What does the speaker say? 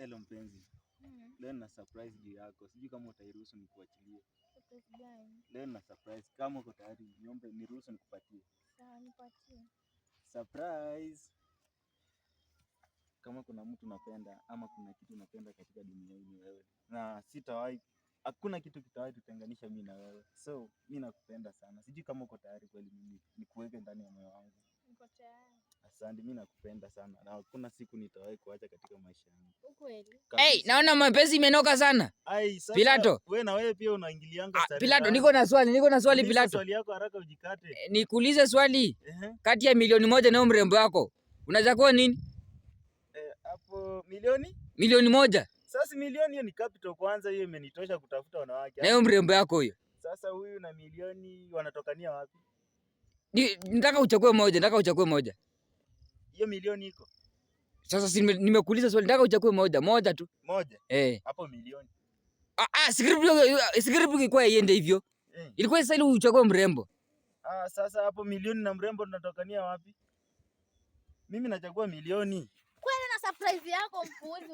Hello mpenzi. Mm. Leo nina surprise juu yako. Sijui kama utairuhusu nikuachilie. Leo nina surprise. Kama uko tayari niombe niruhusu nikupatie. Sawa, nipatie. Surprise. Kama kuna mtu unapenda ama kuna kitu unapenda katika dunia hii ni wewe, na sitawahi, hakuna kitu kitawahi tutenganisha mimi na wewe, so mimi nakupenda sana. Sijui kama uko tayari kweli mimi nikuweke ndani ya moyo wangu. Niko tayari. Sandi, mimi nakupenda sana na hakuna siku nitawahi kuacha katika maisha yangu. Hey, naona mapenzi imenoka sana. Ai, sasa Pilato. Wewe na wewe pia unaingiliana ah, Pilato, niko na swali, niko na swali Pilato. Swali yako haraka ujikate. Eh, nikuulize swali. Uh-huh. Kati ya milioni moja na mrembo wako unaweza kuwa nini? Eh, hapo milioni? Milioni moja. Sasa milioni hiyo ni capital kwanza, hiyo imenitosha kutafuta wanawake. Na hiyo mrembo yako huyo. Sasa huyu na milioni wanatokania wapi? Nataka uchague moja, nataka uchague moja hiyo milioni iko sasa. Si nimekuuliza swali, nataka uchakue moja moja tu moja. Eh, hapo milioni. Ah, ah, script uh, script ilikuwa iende hivyo eh. Ilikuwa sasa ile uchakue mrembo. Ah, sasa hapo milioni na mrembo tunatokania wapi? Mimi nachagua milioni. Kwani na surprise yako mpuuzi.